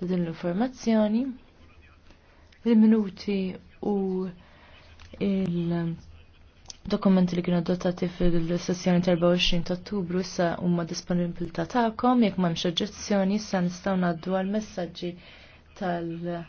ta' din l-informazzjoni. Il-minuti u il-dokumenti li kienu adottati fil-sessjoni 24 ta' ottubru issa huma ta' tagħkom jekk m'hemmx oġġezzjoni issa nistgħu naddu għal messaġġi tal- eh,